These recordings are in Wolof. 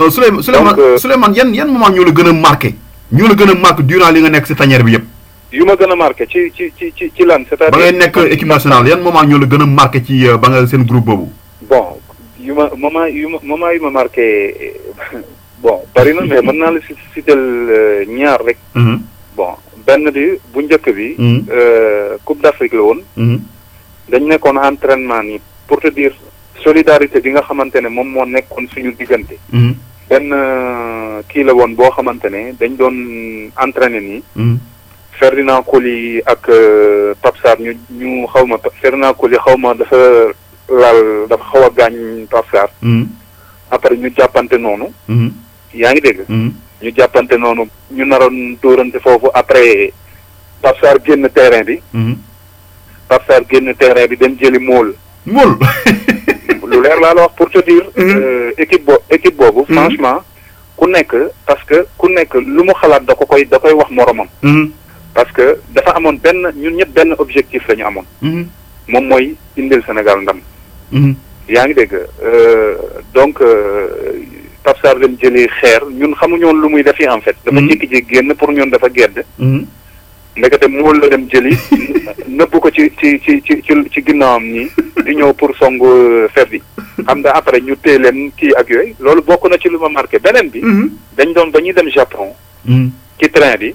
Oh, Suleman, Souleymane yan, yan yan moment ñoo la gën a marqué ñoo la gën a marqué durant li nga nekk si tanière bi yëpp yu iya, ma gën a marqué ci ci ci ci ci lan c'est eh, à dire ba ngay nekk équipe nationale yan moment ñoo la gën a marqué ci ba nga seen groupe boobu bon yu iya, ma moment yu ma moment yu ma iya, marqué eh, bon bari na eh, mais mën naa la si sitel ñaar rek mhm. bon benn bi bu njëkk bi. Hmm. Euh, Coupe d'Afrique la woon. Hmm. dañ nekkoon entraînement ni pour te dire solidarité bi nga xamante ne moom moo nekkoon suñu diggante. Hmm. benn euh, kii la woon boo xamante ne dañ doon entraîné nii. Ferdinand Coly ak euh, Pape Sarr ñu ñu xaw ma Ferdinand Coly xaw ma dafa laal dafa xaw a gaañ Pape Sarr. ñu jàppante noonu. yaa ngi dégg. ñu jàppante noonu ñu naroon dóorante foofu après passer Sarr génn terrain bi. Mhm. Pape Sarr génn terrain bi dem jëli mool. mool. lu leer laa la wax pour te dire. Mhm. Euh, équipe bo équipe boobu. Mhm. franchement ku nekk parce que ku nekk lu mu xalaat da ko koy da koy wax moromam. parce que dafa amoon benn ñun ñëpp benn objectif la ñu amoon. moom mooy indil Sénégal ndam. yaa ngi dégg euh, donc. Euh, Pape Sarr dem jëlee xeer ñun xamuñoon lu muy def yi en dafa hmm. jékki-jékki génn pour ñun dafa gedd. Hmm. ndekete mool la dem jëli nëbb ko ci ci ci ci ci ginnaawam nii di ñëw pour song euh, fer bi xam nga après ñu téye leen kii ak yooy loolu bokk na ci lu ma marqué beneen bi. Hmm. dañ doon ba ñuy dem Japon. ci train bi.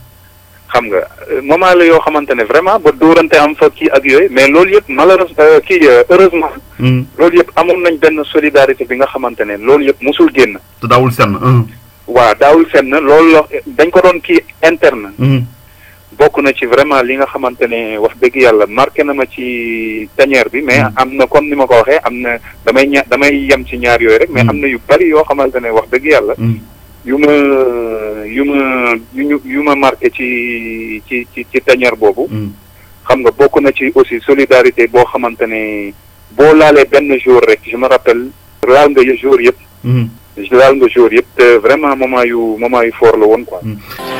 xam nga moment la yoo xamante ne vraiment ba dóorante am fa kii ak yooyu mais loolu yëpp malheureusement euh, kii euh, heureusement. Hmm. loolu yëpp amoon nañ benn solidarité bi nga xamante ne loolu yëpp mosul génn. te daawul senn. Hmm. waaw daawul senn loolu la dañ ko doon kii interne. Hmm. bokk na ci vraiment li nga xamante ne wax dëgg yàlla marqué na ma ci tanière bi mais am na comme ni ma ko waxee am na damay ña damay yem ci ñaar yooyu rek. mais am na yu bari yoo xamante wax dëgg yàlla. yu ma yu ma marqué ci ci ci ci tanière boobu. Mm. xam nga bokk na ci aussi solidarité boo xamante ne boo laalee benn jour rek je me rappelle laal nga jour yëpp. Mm. laal nga jour yëpp te vraiment moment yu moment yu fort la woon quoi. Mm.